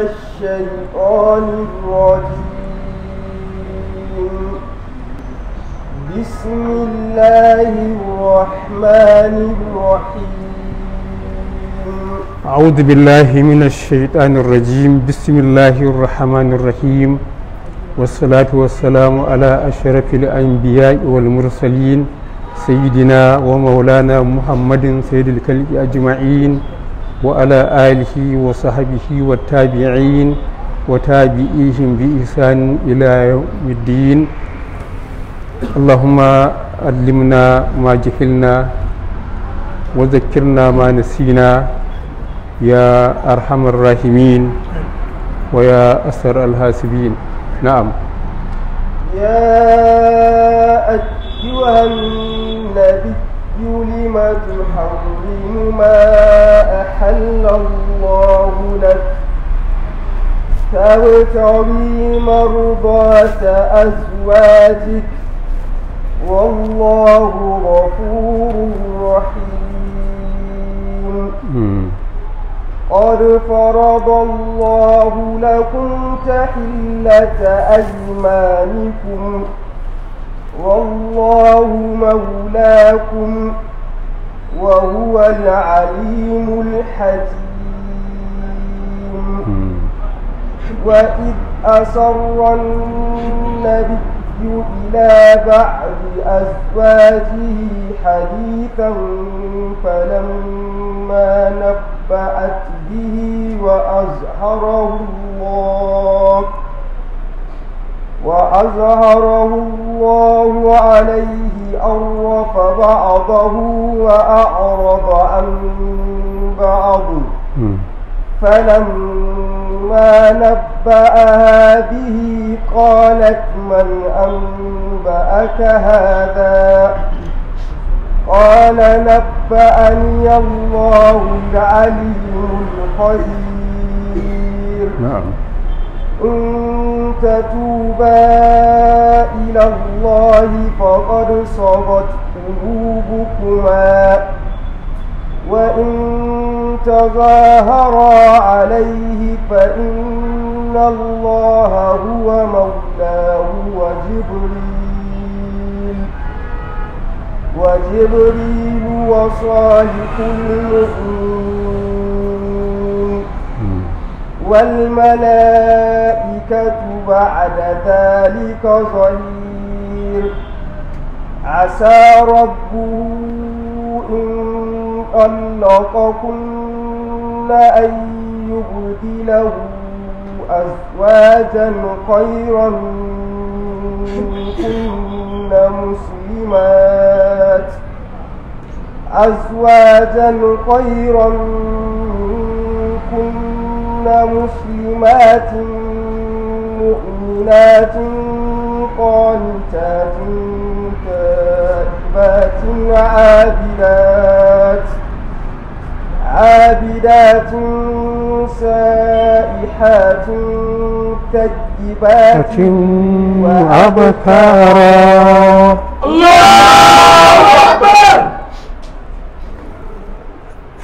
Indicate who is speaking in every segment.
Speaker 1: الشيطان الرجيم بسم الله الرحمن الرحيم
Speaker 2: أعوذ بالله من الشيطان الرجيم بسم الله الرحمن الرحيم والصلاة والسلام على أشرف الأنبياء والمرسلين سيدنا ومولانا محمد سيد الكلب أجمعين وعلى آله وصحبه والتابعين وتابعيهم بإحسان إلى يوم الدين اللهم علمنا ما جهلنا وذكرنا ما نسينا يا أرحم الراحمين ويا أسر الحاسبين نعم
Speaker 1: يا أيها النبي لم تحرم ما أحل الله لك تبتغي مرضات أزواجك والله غفور رحيم قد فرض الله لكم تحلة أيمانكم والله مولاكم وهو العليم الحكيم وإذ أسر النبي إلى بعض أزواجه حديثا فلما نبأت به وأزهره الله وأزهره الله عليه أرف بعضه وأعرض عن بعض فلما نبأها به قالت من أنبأك هذا قال نبأني الله العليم الخبير نعم إن تتوبا إلى الله فقد صغت قلوبكما وإن تظاهرا عليه فإن الله هو مولاه وجبريل وجبريل وصالح المؤمنين والملائكة بعد ذلك ظهير عسى ربه إن طلقكن أن يبدله أزواجا خيرا منكن مسلمات أزواجا خيرا منكن مسلمات مؤمنات قانتات تائبات عابدات عابدات سائحات كذبات وأبكارا الله أكبر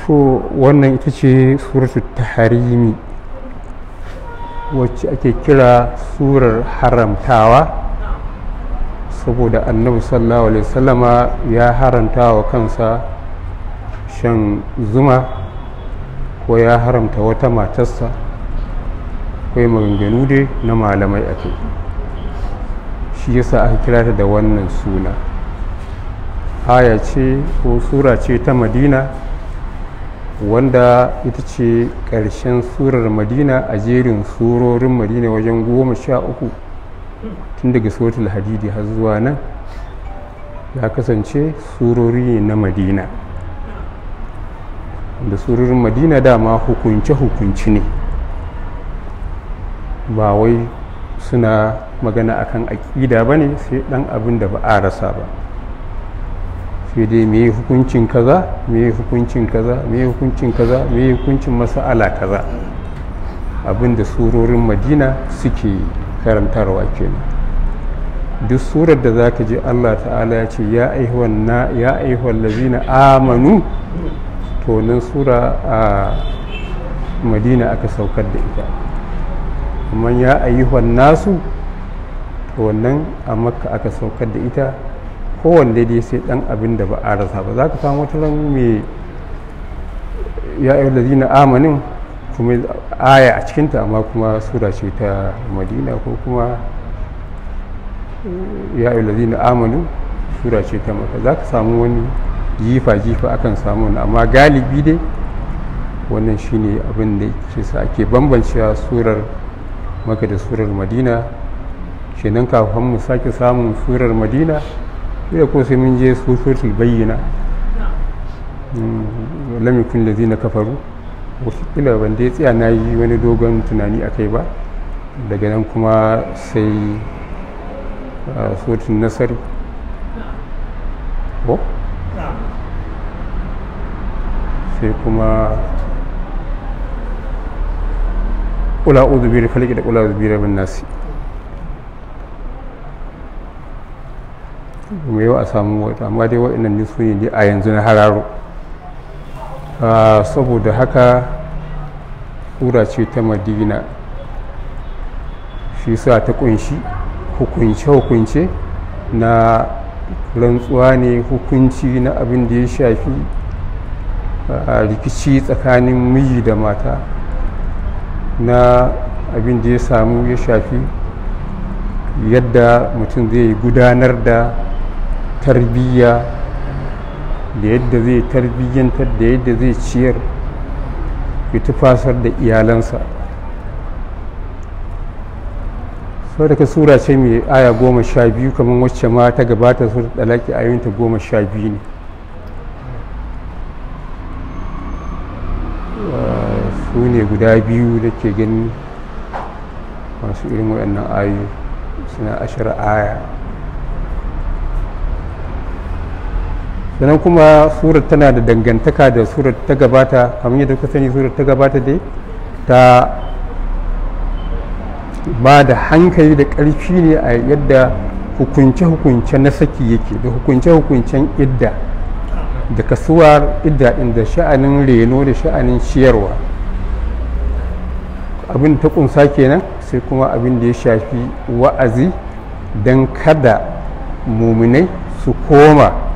Speaker 2: شو وانا اتشي سورة التحريم wacce ake kira surar haramtawa saboda annabi sallallahu alaihi wasallama ya haramta wa kansa shan zuma ko ya haramta wata matarsa akwai maganganu dai na malamai a kai shi yasa aka kira ta da wannan suna hayace ce ko sura ce ta madina wanda ita ce ƙarshen surar madina a jerin surorin madina wajen goma sha uku tun daga suratul hadidi har zuwa nan ya kasance surori na madina da surorin madina dama hukunce-hukunci ne ba wai suna magana akan aƙida ba ne sai ɗan abin da ba a rasa ba sai dai mai hukuncin kaza mai hukuncin kaza mai hukuncin kaza mai hukuncin masala kaza abinda surorin madina suke karantarwa kenan duk surar da za ka ji allah ta'ala ya ce ya aihuwan lazina amanu to nan sura a madina aka saukar da ita amma ya aihuwan nasu to wannan a makka aka saukar da ita kowanne dai sai dan abin da ba a rasa ba za ka samu wata ran mai ya da zina amanin kuma aya a cikinta amma kuma sura ce ta madina ko kuma ya yi da zina amanin sura ce ta maka za ka samu wani jifa-jifa akan samu wani amma galibi dai wannan shine abin da ke sa ake bambancewa surar maka da surar madina nan kafin mu sake samun surar madina ya ko sai mun je sufurci bayyana hmm, lamikun da zina kafaru wasu kila ban ya tsaya na yi wani dogon tunani a kai ba daga nan kuma sai ah, sotin nasari ko sai kuma ƙula'udu biyar falki da ƙula'udu biyar bin nasi mai yawa a samu wata amma dai waɗannan ne su ne a yanzu na hararo ah, saboda haka kura ce ta madina shi sa ta kunshi hukunce-hukunce na rantsuwa ne hukunci na abin da ya shafi ah, rikici tsakanin miji da mata na abin da ya samu ya shafi yadda mutum zai gudanar da tarbiyya da yadda zai tarbiyyantar da yadda zai ciyar ya tufasar da iyalansa sau daga sura ce mai aya goma sha biyu kamar wacce ma ta gabata su dalaki ta goma sha biyu ne su ne guda biyu da ke gani masu irin waɗannan ayoyi suna ashirar aya sannan kuma surar tana da dangantaka da surata ta gabata kamar yadda kuka sani surat ta gabata dai ta ba da hankali da ƙarfi ne a yadda hukunce-hukunce na saki yake da hukunce-hukuncen idda da kasuwar idda inda sha'anin reno da sha'anin ciyarwa abin ta kunsa kenan sai kuma abin da ya shafi wa'azi don kada muminai su koma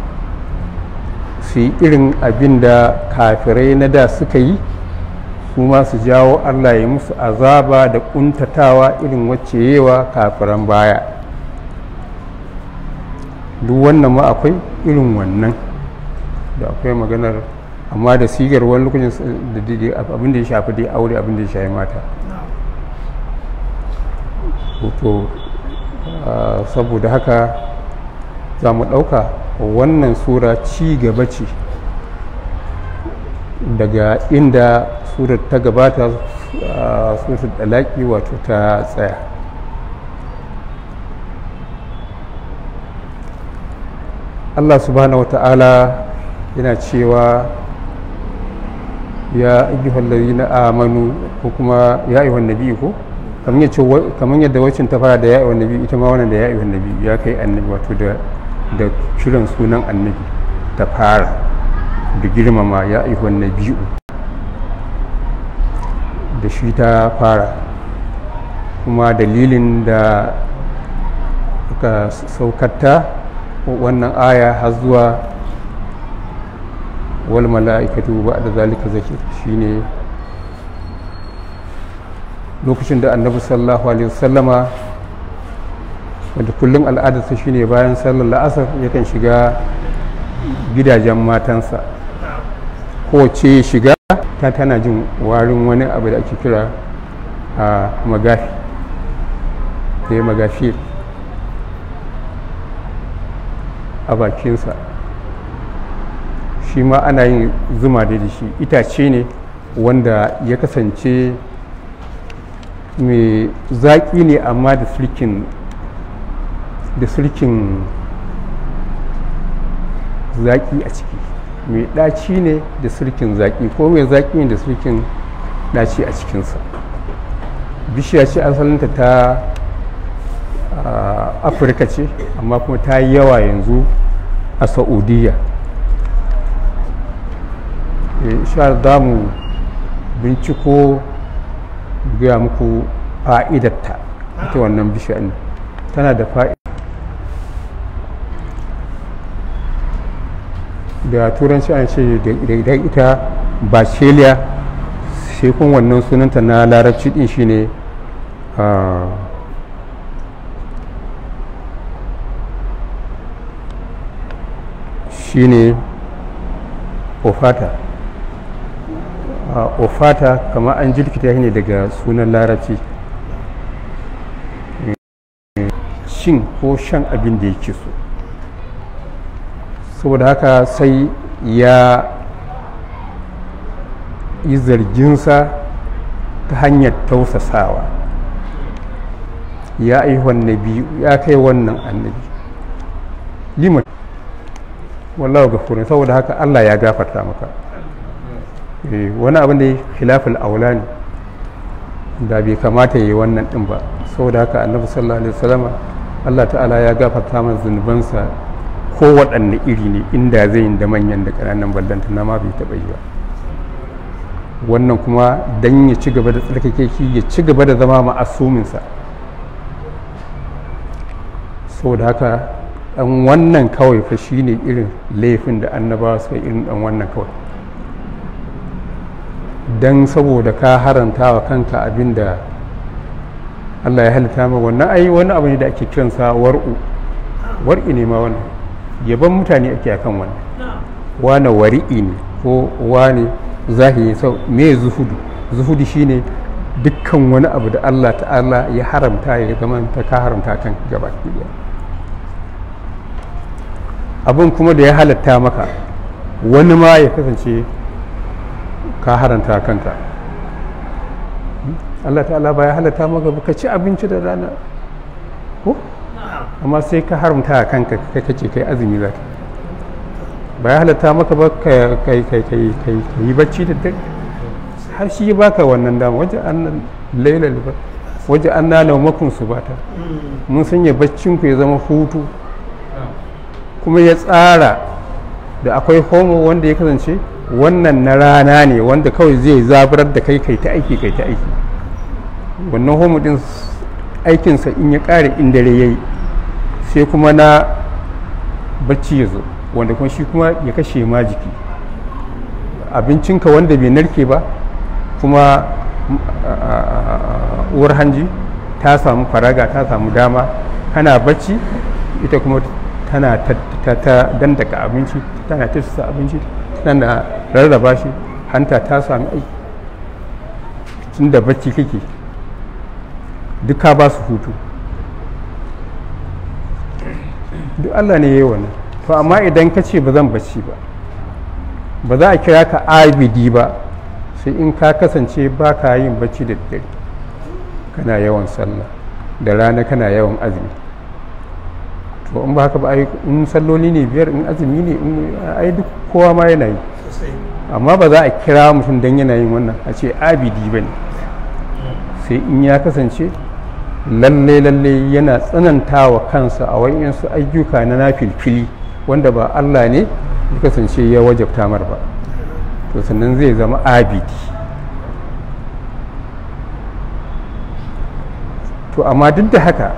Speaker 2: su yi irin abin da kafirai na da suka yi su ma su jawo allah ya musu azaba da kuntatawa irin wacce yewa kafiran baya duk wannan ma akwai irin wannan da akwai maganar amma da sigar wani lokacin abin da ya shafi dai aure abin da ya shafi mata ah, saboda haka za mu ɗauka wannan sura ci gaba ce daga inda surar ta gabata surat dalaki wato ta tsaya Allah subhanahu wata'ala yana cewa ya ayyuhallari na amanu ko kuma ya ayyuhan nabi ko kamar yadda wacin ta fara da ya ayyuhan nabi ita ma wannan da ya ayyuhan nabi ya kai annabi wato da da shirin sunan annabi ta fara da girmama ya aihuwan na biyu da shi ta fara kuma dalilin da aka saukata wannan aya har zuwa wal mala'ikatu ba da zalika shi shine lokacin da annabi sallallahu alaihi wasallama wanda kullum al'adarsa shine bayan sallar la'asar yakan shiga gidajen matansa ko kowace shiga ta tana jin warin wani abu da ake kira a magafi da magafi a bakinsa shi ma ana yin zuma da shi itace ne wanda ya kasance mai zaƙi ne amma da sulkin da sulkin zaƙi a ciki mai ɗaci ne da sulkin zaƙi ko mai zaƙi ne da sulkin ɗaci a cikinsa bishiya ce asalinta ta ah, afirka ce amma kuma ta yi yawa yanzu a sa'udiyya eh, shahar za mu binciko gaya muku fa'idarta ita wannan bishiyar tana da fa'ida da turanci an ce da ita bachelor sai kun wannan sunanta na larabci din shine ah, ne ofata ah, ofata kama an jirkita ne daga sunan larabci eh, shin ko shan abin da yake so saboda haka sai ya yi zarginsa ta hanyar tausasawa ya aihuwan nabi ya kai wannan annabi lima ga gafurin saboda haka allah ya gafarta maka eh, wani abin da ya khilafin aula ne da bai kamata ya yi wannan din ba saboda haka annabi sallallahu alaihi wasallama allah ta'ala ya gafarta mana zunubansa Ko waɗanne iri ne inda zai yi da manyan da ƙananan ballanta na ma bai taɓa yi ba wannan kuma dan ya ci gaba da tsarkake shi ya ci gaba da zama ma'asuminsa saboda haka ɗan wannan kawai fa shi ne irin laifin da annabawa suka irin ɗan wannan kawai dan saboda ka haranta wa kanka abin da Allah ya halitta ma wannan ai wani abu ne da ake kiransa war'u war'i ne ma wannan yaban mutane ake akan wannan wane wari'i ne ko wane zahiri sau me zuhudu zuhudu shine dukkan wani abu da Allah ta'ala ya haramta ya zama ta ka haramta kan gaba ɗaya abin kuma da ya halatta maka wani ma ya kasance ka haramta kanta hmm? Allah ta'ala ba ya halatta maka ka ci abinci da rana ko amma sai ka haramta a kanka kai kace kai azumi za ba ya halatta maka ba kai kai kai kai yi bacci da dare har shi baka wannan dama waje an laila ba waje an nana makon su bata mun sanya baccin ku ya zama hutu kuma ya tsara da akwai homo wanda ya kasance wannan na rana ne wanda kawai zai zaburar da kai kai ta aiki kai ta aiki wannan homo din aikinsa in ya kare in dare yi. sai kuma na bacci ya zo wanda kuma shi kuma ya kashe ma jiki abincinka wanda bai narke ba kuma uh, uwar hanji ta samu faraga ta samu dama kana bacci ita kuma tana ta dandaka abinci tana tafsa abinci tana rarraba shi hanta ta samu aiki tun da bacci kake duka ba su hutu duk Allah ne ya yi wannan to amma idan ka ce ba zan bacci ba ba za a kira ka abidi ba sai in ka kasance ba ka yin bacci da dare kana yawan sallah da rana kana yawan azumi to in ba haka ba in salloli ne biyar in azumi ne ai duk kowa ma yana yi amma ba za a kira mutum don yana yin wannan a ce abidi ba ne sai in ya kasance lalle lalle yana tsananta wa kansa a wayansu ayyuka na nafilfili wanda ba Allah ne ya kasance ya wajabta mar ba to sannan zai zama abidi to amma duk da haka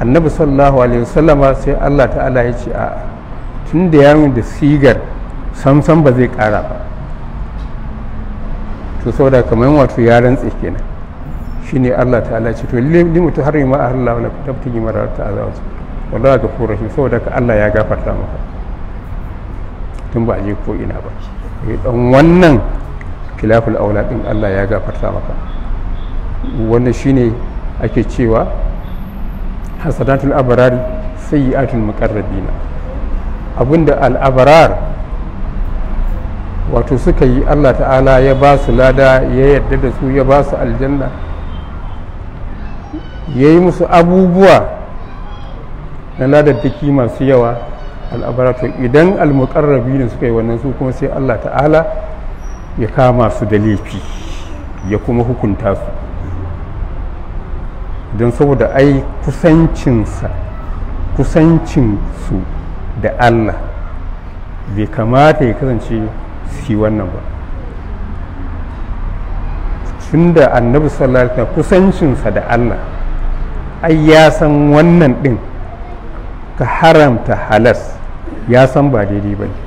Speaker 2: annabi sallallahu alaihi wasallama sai Allah ta'ala ya ce a tun da yamin da sigar samsam ba zai kara ba to saboda kamar wato ya rantse kenan Shi ne Allah ta'ala ce to har mutu harima Allah wala tabtigi mararta azawasu wallahi gafurur rahim saboda ka Allah ya gafarta maka tun ba a je ko ina ba eh, dan wannan khilaful aula din Allah ya gafarta maka wannan ne ake cewa sai abrar sayyi'atul muqarrabina abinda al-abrar wato suka yi Allah ta'ala ya ba su lada ya yarda da su ya ba su aljanna ya yi musu abubuwa na ladaddaki masu yawa al'abaratu idan almukarrabi ne suka yi wannan su kuma sai allah ta'ala ya kama su da laifi ya kuma hukunta su don saboda ai kusancinsa kusancinsu da allah bai kamata ya kasance su wannan ba da annabi sallallahu alaihi kusancinsa da allah ai ya san wannan ɗin ka haramta halas ya san ba daidai ba ne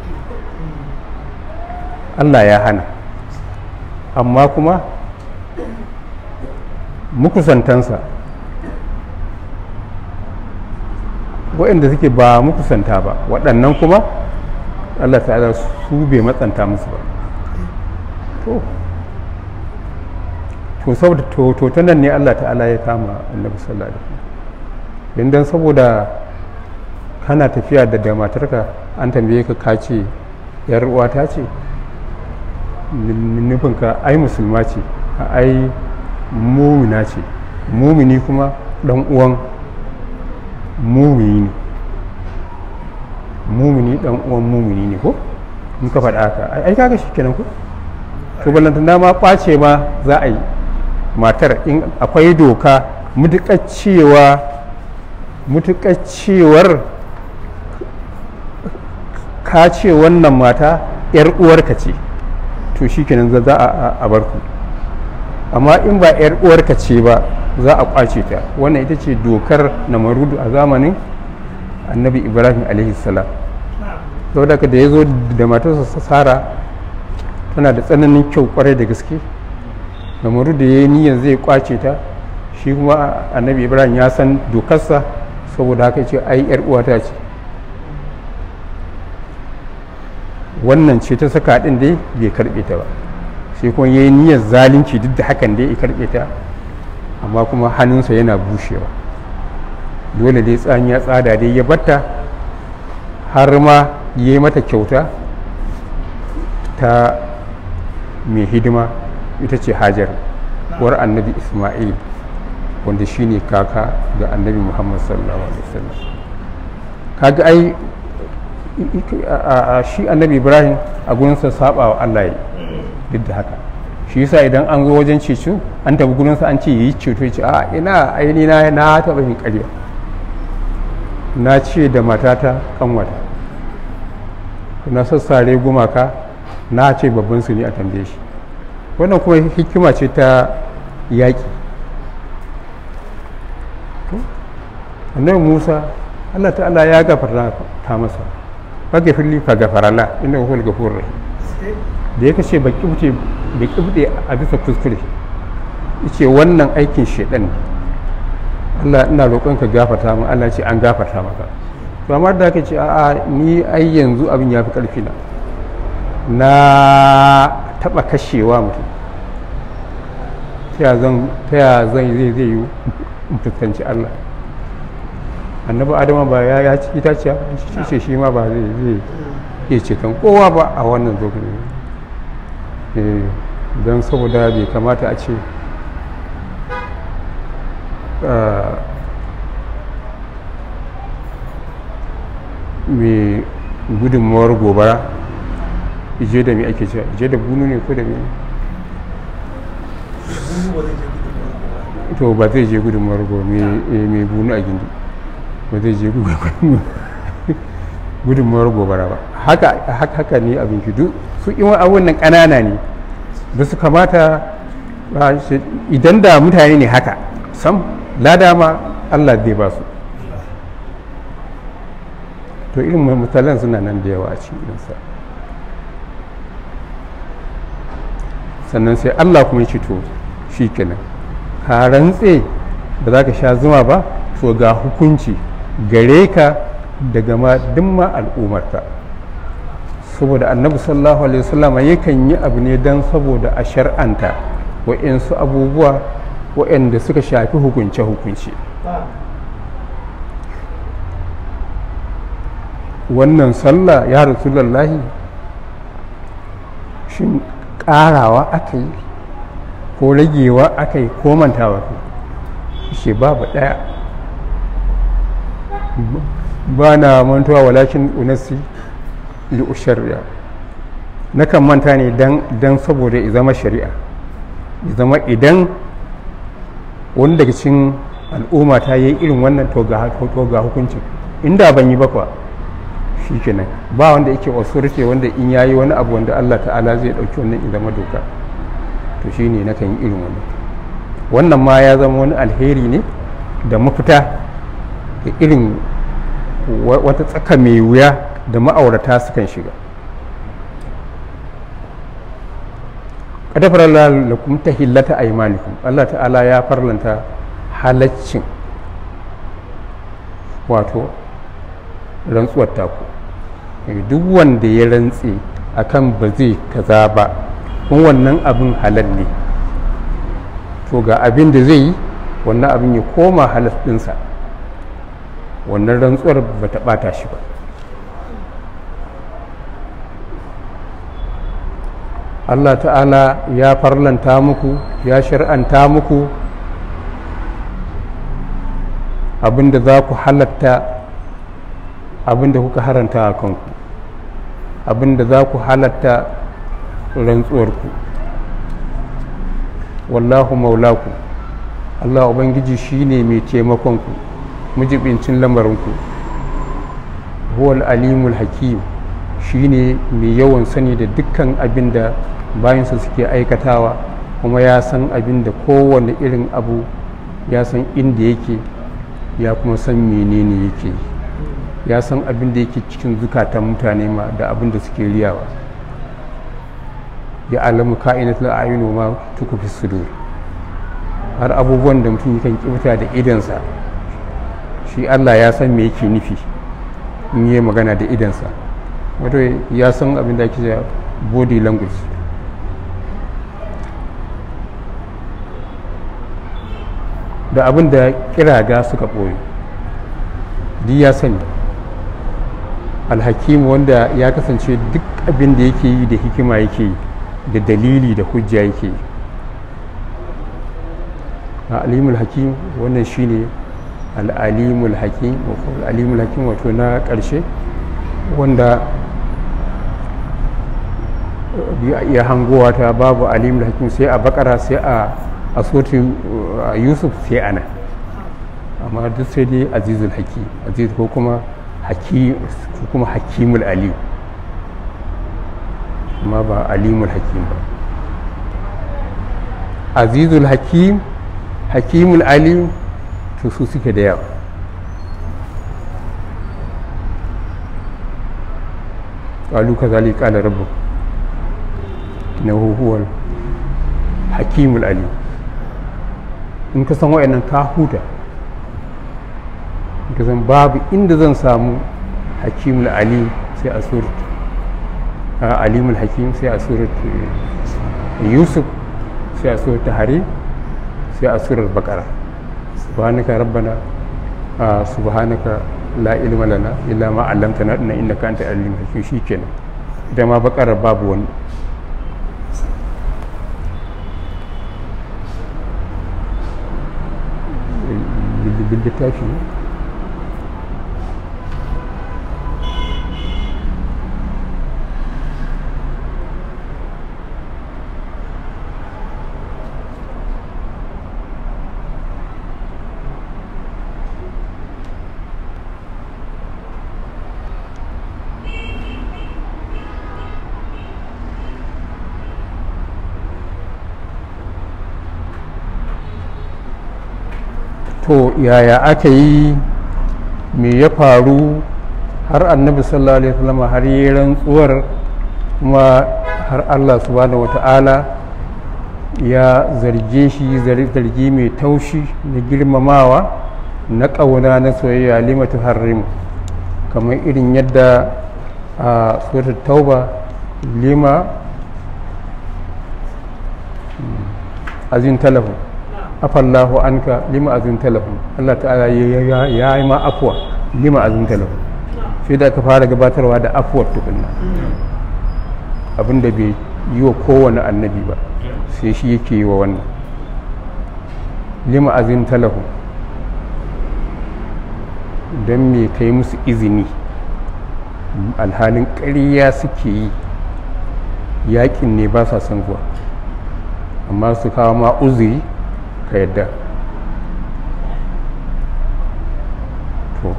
Speaker 2: allah ya hana amma kuma mukusantansa waɗanda suke ba mukusanta ba waɗannan kuma allah ta'ala su bai matsanta musu ba to saboda to ta nan ne Allah ta'ala ya kama annabi sallallahu alaihi wasallam dan saboda kana tafiya da da matarka an tambaye ka ka ce yar uwata ce nufin ka ai musulma ce ai mumina ce mumini kuma dan uwan mumini ne mumini dan uwan mumini ne ko in ka faɗa haka ai kaga shi kenan ko to ballantana ma ɓace ma za a yi matar in akwai doka mutuƙar cewar ka ce wannan mata 'yar uwarka ce to shi kenan za a bar ku amma in ba 'yar uwarka ce ba za a kwace ta wannan ita ce dokar na marudu a zamanin annabi ibrahim alaihissalam saboda da ya zo da matarsa sara tana da tsananin kyau kwarai da gaske lamaru da ya yi niyyar zai kwace ta shi kuma annabi ibrahim ya san dokarsa saboda haka ce ai yar uwata ce wannan ce ta saka din dai bai karbe ta ba sai kuma ya yi niyyar zalunci duk da hakan dai ya karbe ta amma kuma hannunsa yana bushewa dole dai ya tsada dai ya batta har ma ya yi mata kyauta ta mai hidima ita ce hajar war annabi isma'il wanda shine kaka ga annabi muhammad sallallahu alaihi wasallam kaga ai shi annabi ibrahim a gurinsa saba wa allah ya duk da haka shi yasa idan an zo wajen ceto an gurin gurinsa an ce yi ceto ya ce a ina aini na na taɓa yin ƙarya na ce da matata kanwata na sassare gumaka na ce babban su ne a tambaye shi wannan kuma hikima ce ta yaƙi annabi musa allah ta'ala ya gafara ta masa gafara fagafarala inda kuma gafuwar rai da ya kashe baki da baki fice a bisa kuskure ce wannan aikin shaidan ne allah ina roƙon ka gafarta mu allah ce an gafarta maka to amma da ka ce a'a ni ai yanzu abin ya fi ƙarfi na na taɓa kashewa mutum ta ya zan zai zai yi mutuntanci allah annabi adama ba ya ya ci ita ciya ce shi ma ba zai zai iya cikin kowa ba a wannan zogin eh, don saboda bai kamata a ce ah, mai gudunmawar gobara ije da me ake cewa ije da gunu ne ko da me to ba zai je gudun margo eh, mai gunu a gindi ba zai je gudun margo bara ba haka haka ne abin duk su in abun nan ƙanana ne ba su kamata idan da mutane ne haka sam lada ma allah zai ba su to irin misalan suna nan da yawa a cikin sa sannan sai Allah kuma ya to shi kenan ka rantse ba za ka sha zuma ba to ga hukunci gare ka daga ma dimma al'ummarka saboda annabi sallallahu alaihi wasallam yakan yi abu ne don saboda a shar'anta wa'insu abubuwa wa'anda suka shafi hukunce hukunci wannan sallah ya rasulullahi shin ƙarawa aka yi ko ragewa aka yi ko mantawa shi babu ɗaya ba na mantuwa walakin unasi li'ushariya na kan manta ne don saboda ya zama shari'a ya zama idan wani daga cikin al'umma ta yi irin wannan toga hukuncin inda ban yi bakwa shikenan ba wanda yake authority wanda in ya yi wani abu wanda Allah ta'ala zai dauki wannan in zama doka to shine na kan yi irin wannan wannan ma ya zama wani alheri ne da mafita da irin wata tsaka mai wuya da ma'aurata su kan shiga kadafar Allah tahillata aymanikum Allah ta'ala ya farlanta halaccin wato rantsuwar taku Eh, duk wanda ya rantse akan ba zai kaza ba kun wannan abin halal ne to ga abin da zai yi wannan abin ya koma halal dinsa wannan rantsuwar ba ta bata shi ba Allah ta'ala ya farlanta muku ya shir'anta muku abinda za ku halatta abinda kuka haranta a kanku abin da za ku halatta rantsuwarku wallahu maulaku allah ubangiji ne mai taimakonku mujibincin lamarinku huwal alimul hakim shi ne mai yawan sani da dukkan abin da bayansa suke aikatawa kuma ya san abin kowane irin abu ya san inda yake ya kuma san menene yake yi ya san abin da yake cikin zukatan mutane ma da abin da suke riyawa ya alamu ka'inatul a'yun ma tukufi sudur har abubuwan da mutum yakan kibuta da idansa shi Allah ya san me yake nufi in yi magana da idansa wato ya san abin da ake body language da abin da kiraga suka ɓoye duk ya sani alhakimu wanda ya kasance duk abin da yake yi da hikima yake yi da dalili da hujja yake yi alimul hakim wannan shine al'alimul hakim al'alimul hakim wato na ƙarshe wanda ya hangowa ta babu alimul hakim sai a bakara sai a asotin yusuf sai ana amma duk sai dai azizul hakim aziz ko kuma kuma hakimul aliyu amma ba alimul hakim ba azizul hakim hakimul aliyu to su suke da yawa ka zali قال rabu na huhuwar hakimul aliyu in ka san wa'annan ka huta kasan babu inda zan samu hakimul alim sai a surat alimul hakim sai a surat yusuf sai a surat hari sai a surat bakara subhanaka rabbana subhanaka la ilma lana illa ma 'allamtana innaka alim hakim shikenan da ma bakara babu wani باللي تاشي to yaya aka yi me ya faru har annabi sallallahu alaihi wasallam har yi rantsuwar kuma har Allah subhanahu wata'ala ya zarge shi zargi mai taushi na girmamawa na ƙauna na soyayya limatu harrim kamar irin yadda a suratul tauba lima hmm, azin talafin afallahu anka lima azin lahu Allah ta'ala ya yi ma afuwa lima azin lahu sai da aka fara gabatarwa da afuwar tukunna abinda bai yi wa kowane annabi ba sai shi yake yi wa wannan lima azin lahu don me yi musu izini alhalin ƙarya suke yi yakin ne ba sa son zuwa amma su kawo ma uzuri ka yadda to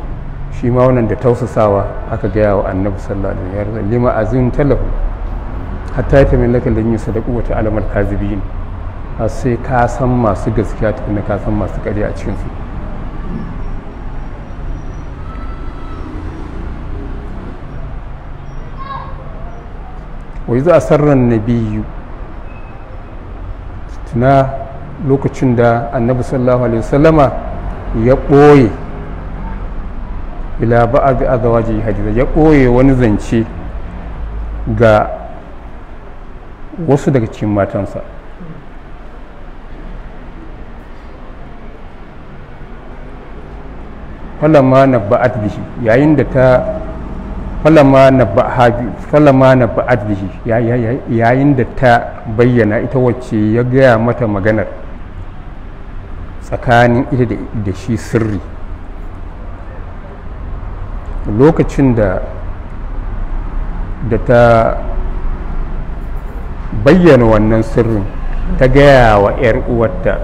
Speaker 2: shi ma wannan da tausasawa aka gaya wa annabi sallallahu alaihi wasallam lima azin talahu hatta ya tamin laka lan yusadaqu wa al kazibin sai ka san masu gaskiya tukuna ka san masu ƙarya a cikin su wa yuzu asarran nabiyyu tuna lokacin da annabi sallallahu alaihi wasallama ya ɓoye ila ba'ad azwaji hadiza ya ɓoye wani zance ga wasu daga cikin matansa falama na ba'ad bihi yayin da ta falama na ba'ad bihi yayin da ta bayyana ita wacce ya gaya mata maganar tsakanin ita da shi sirri lokacin da da ta bayyana wannan sirrin ta gaya wa 'yar uwarta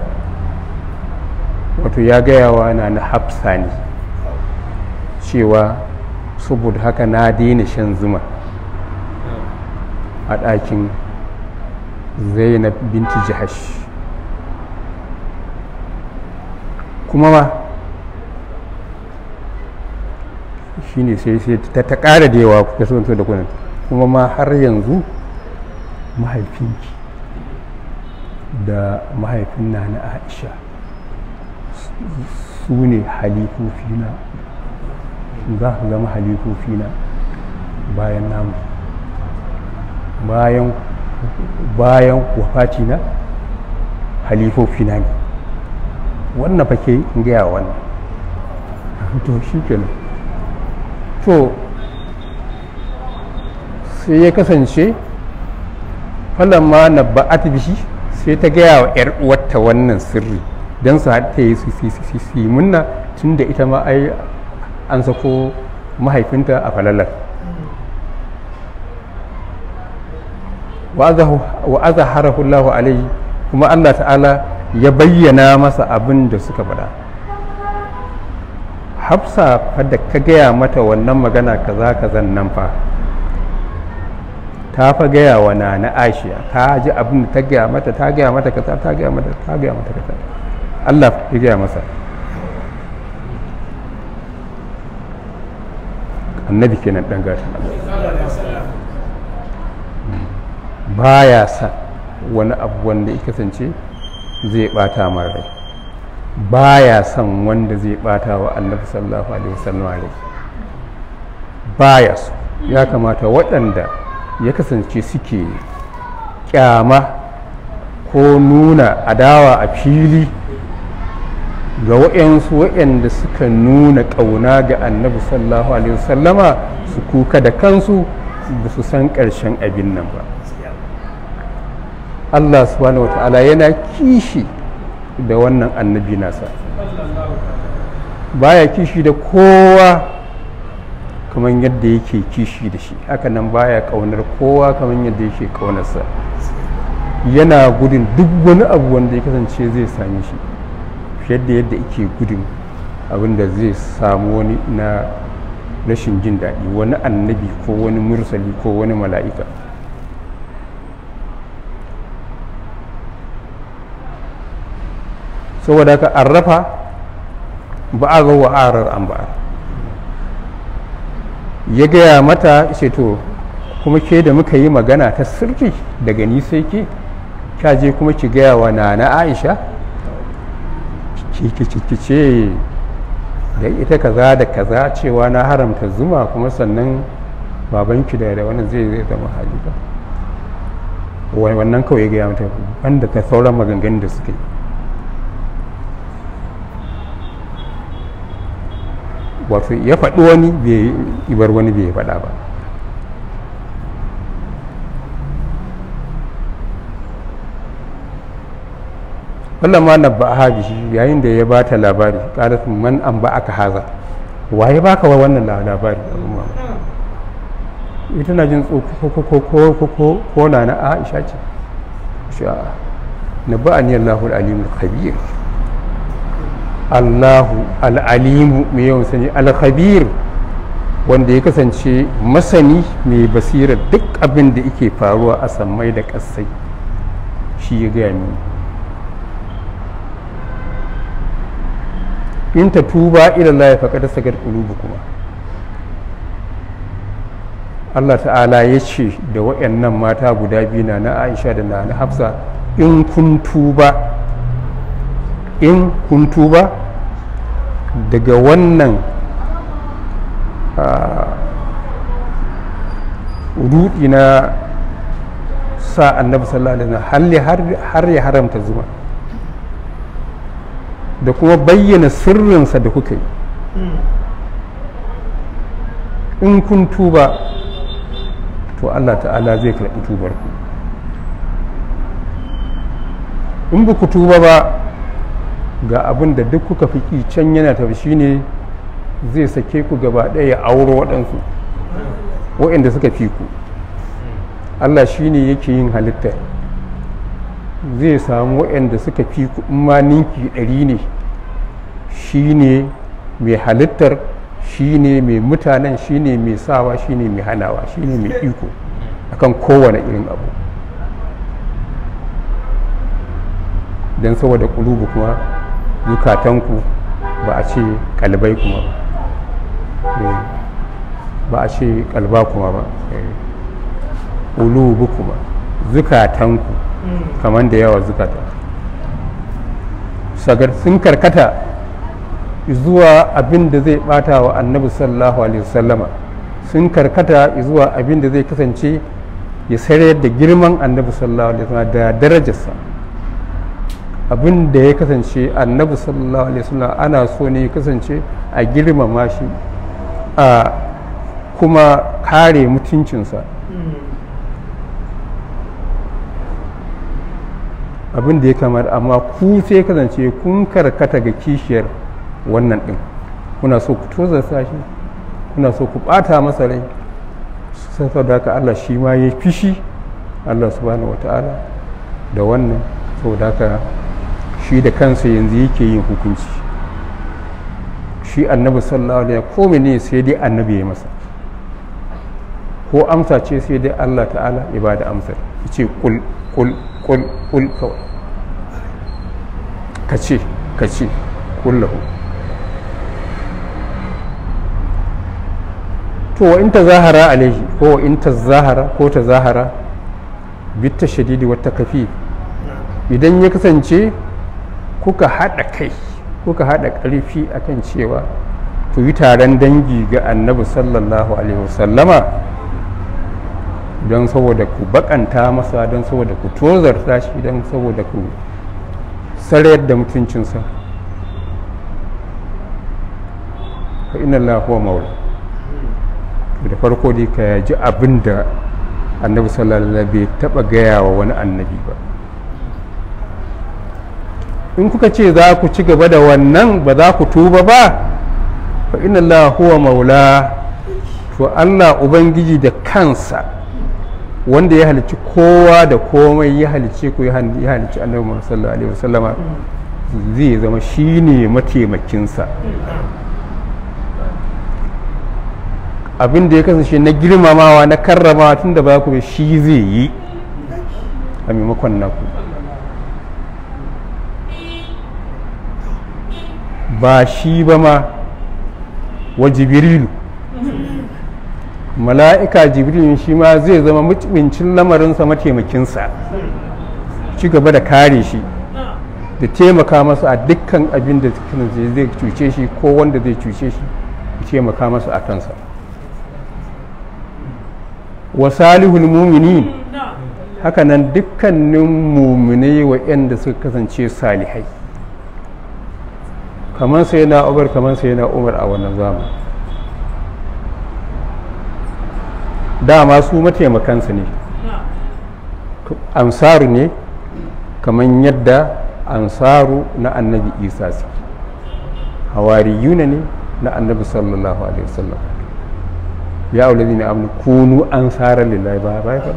Speaker 2: wato ya gaya wa na na hafsa ne cewa saboda haka na daina shan zuma a ɗakin zainab binti jihash kuma ba shi ne sai sai ta ta ƙara da yawa kuka sun da kunan kuma ma har yanzu mahaifinki da mahaifin na na aisha su ne halifofina za su zama halifofina bayan namu bayan bayan wafatina halifofina ne wannan fa ke gaya wa wannan to shi kenan to sai ya kasance falamma na ba'at bishi sai ta gaya wa 'yar uwarta wannan sirri don su haɗe yi su yi munna tun da ita ma ai an sako mahaifinta a falalar wa azaharahu Allah alaihi kuma Allah ta'ala ya bayyana masa abin da suka faɗa hafsa fadda ka gaya mata wannan magana ka za ka zan nan fa ta fa gaya wa na na ashiya ta ji abin da ta gaya mata ta gaya mata ka ta gaya mata ta gaya mata ta Allah ya gaya masa annabi kenan dan ba baya sa wani abu wanda ya kasance zai bata marai rai baya son wanda zai bata wa annabi sallallahu alaihi wasallam rai baya so ya kamata waɗanda ya kasance suke kyama ko nuna adawa a fili ga wayansu wayanda suka nuna ƙauna ga annabi sallallahu alaihi wasallama su kuka da kansu ba su san ƙarshen abin nan ba Allah subhanahu ta'ala yana kishi da wannan annabi nasa baya kishi da kowa kamar yadda yake kishi da shi haka nan baya kaunar kowa kamar yadda yake kaunarsa yana gudun duk wani abu wanda ya kasance zai sami shi fiye da yadda yake gudun abinda zai samu wani na rashin jin daɗi wani annabi ko wani mursali ko wani mala'ika saboda ka arrafa ba a ga wa'arar an ba ya gaya mata ce to kuma ke da muka yi magana ta sirri daga ni sai ke ka je kuma ki gaya wa nana aisha ki ce da ita kaza da kaza cewa na haramta zuma kuma sannan babanki da da wannan zai zai zama halifa wannan kawai ya gaya mata banda ta sauran maganganun da suka yi wato ya faɗi wani bai ibar wani bai faɗa ba wannan ma na ba'a yayin da ya ba ta labari ƙarar man an ba aka haza waye baka wa wannan labari ita na jin ko na na aisha ce na niyar lahul alimul khabir allahu al'alimu mai yawan sani alhabir wanda ya kasance masani mai basira duk abin da yake faruwa a sammai da ƙasai shi ya gaya mini in ta tuba ilallah ya faƙa da sagar ƙulubu kuma allah ta'ala ya ce da waɗannan mata guda biyu na na aisha da na hafsa in kun tuba in kun tuba daga wannan rudi na sa annabi sallallahu alaihi har ya haramta zuma da kuma bayyana sirrinsa da kuka yi in kun tuba to Allah ta'ala zai karɓi tubarku in ba ku tuba ba ga abin da duk kuka fi can yana tafi shine zai sake ku gaba ɗaya auro waɗansu waɗanda suka fi ku Allah shi ne yake yin halitta zai samu waɗanda suka fi ku ma ninki ɗari ne shi ne mai halittar shi ne mai mutanen shi ne mai sawa shi ne mai hanawa shi ne mai iko akan kowane irin abu don saboda kulubu kuma zukatanku ba a ce kalbai kuma ba eh, ba a ce kalba kuma ba eh, ulubu kuma zukatanku hmm. kamar da yawa zukata sagar sun karkata zuwa abin da zai bata wa annabi sallallahu alaihi wasallama sun karkata zuwa abin da zai kasance ya sarayar da girman annabi sallallahu alaihi wasallama da darajarsa abin da ya kasance annabi sallallahu alaihi wasallam ana so ne ya kasance a girmama shi a kuma kare mutuncinsa abin da ya kamar amma ku sai kasance kun karkata ga kishiyar wannan ɗin kuna so ku toza shi kuna so ku ɓata masa rai da haka Allah shi ma ya fishi Allah subhanahu wata'ala da wannan saboda haka shi da kansa yanzu yake yin hukunci shi annabi sallallahu alaihi ko ne sai dai annabi ya masa ko amsa ce sai dai Allah ta'ala ya bada amsa amsar ya ce kul kul kul kul kawai ka ce ka ce kullahu to wa in tazahara alaihi ko wa in tazahara ko tazahara bitta shadidi wata kafi idan ya kasance kuka haɗa kai kuka haɗa ƙarfi akan cewa ku yi taron dangi ga annabi sallallahu alaihi wasallama don saboda ku bakanta masa don saboda ku tozarta shi don saboda ku sarayar da mutuncinsa ka ina Allah huwa maula da farko dai ka ji abin da annabi sallallahu alaihi wasallama bai taba gaya wa wani annabi ba in kuka ce za ku ci gaba da wannan ba za ku tuba ba fa ina maula to Allah ubangiji da kansa wanda ya halicci kowa da komai ya halicce ku ya halicci annabi sallallahu alaihi wasallama zai zama shine mataimakinsa abin da ya kasance na girmamawa na karramawa tun da ba ku shi zai yi a maimakon naku ba shi ba ma wa jibrilu mala'ika jibirilu shi ma zai zama mutumincin lamarinsa mataimakinsa ci gaba da kare shi da taimaka masa a dukkan abin da zai cuce shi ko wanda zai cuce shi taimaka masa a kansa wa salihul haka hakanan dukkanin muminai wa 'yan da suka kasance salihai kamar sai na umar kamar sai na umar a wannan zamani dama su mataimakansu ne ansaru ne kamar yadda ansaru na annabi isa su yuna ne na annabi sallallahu alaihi wasallam ya aulazi ne amini kunu ansara lillahi ba ba ya ba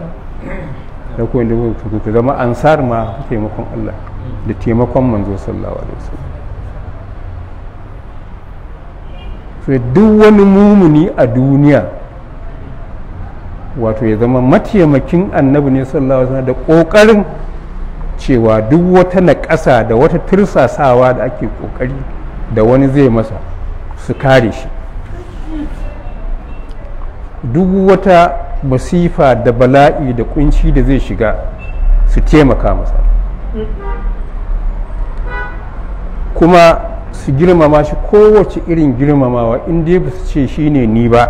Speaker 2: da kuma da ku zama ansar ma taimakon allah da taimakon manzo sallallahu alaihi wasallam to duk wani mumuni a duniya wato ya zama mataimakin annabi ne sallallahu alaihi da kokarin cewa duk wata naƙasa da wata tursasawa da ake kokari da wani zai masa su kare shi duk wata masifa da bala'i da kunci da zai shiga su taimaka masa kuma su girmama shi kowace irin girmamawa in dai ba su ce shi ne ni ba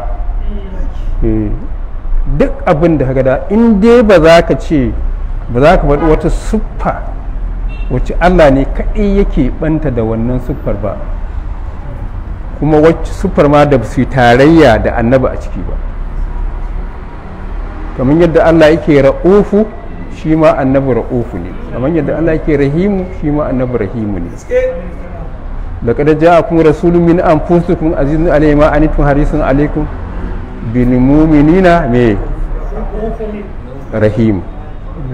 Speaker 2: mm. eh, duk abin da haka da in dai ba za ka ce ba za ka faɗi wata siffa wacce Allah ne kaɗai yake ɓanta da wannan siffar ba kuma wacce siffar ma da su tarayya da annaba a ciki ba kamar yadda Allah yake ra'ufu shi ma annabi ra'ufu ne kamar yadda Allah yake rahimu shi ma annabi rahimu ne laqad ja'akum rasulun min anfusikum azizun alayhi ma anittum harisun alaykum bil mu'minina me rahim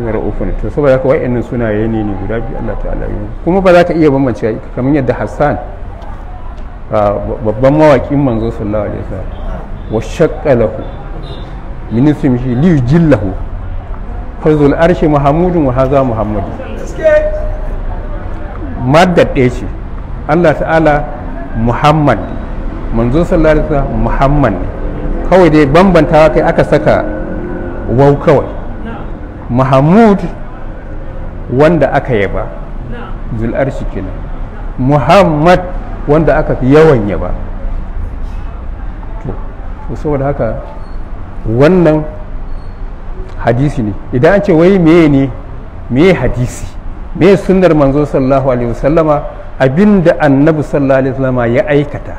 Speaker 2: ra'ufun to saboda haka wa'annan sunaye ne ne guda biyu Allah ta'ala yi kuma ba za ka iya bambance kamar yadda Hassan babban mawakin manzo sallallahu alaihi wasallam wa shaqqa lahu min ismihi li yujillahu fazul arshi muhammadun wa muhammadu madda ɗaya ce Allah ta'ala Muhammad manzon sallallahu alaihi wasallam Muhammad kawai dai bambanta kai aka saka wau kawai Muhammad wanda aka yaba arshi kenan Muhammad wanda aka fi yawan yaba to saboda haka wannan hadisi ne idan an ce wai meye ne meye hadisi meye sunnar manzo sallallahu alaihi wasallama abinda annabi sallallahu alaihi wasallama ya aikata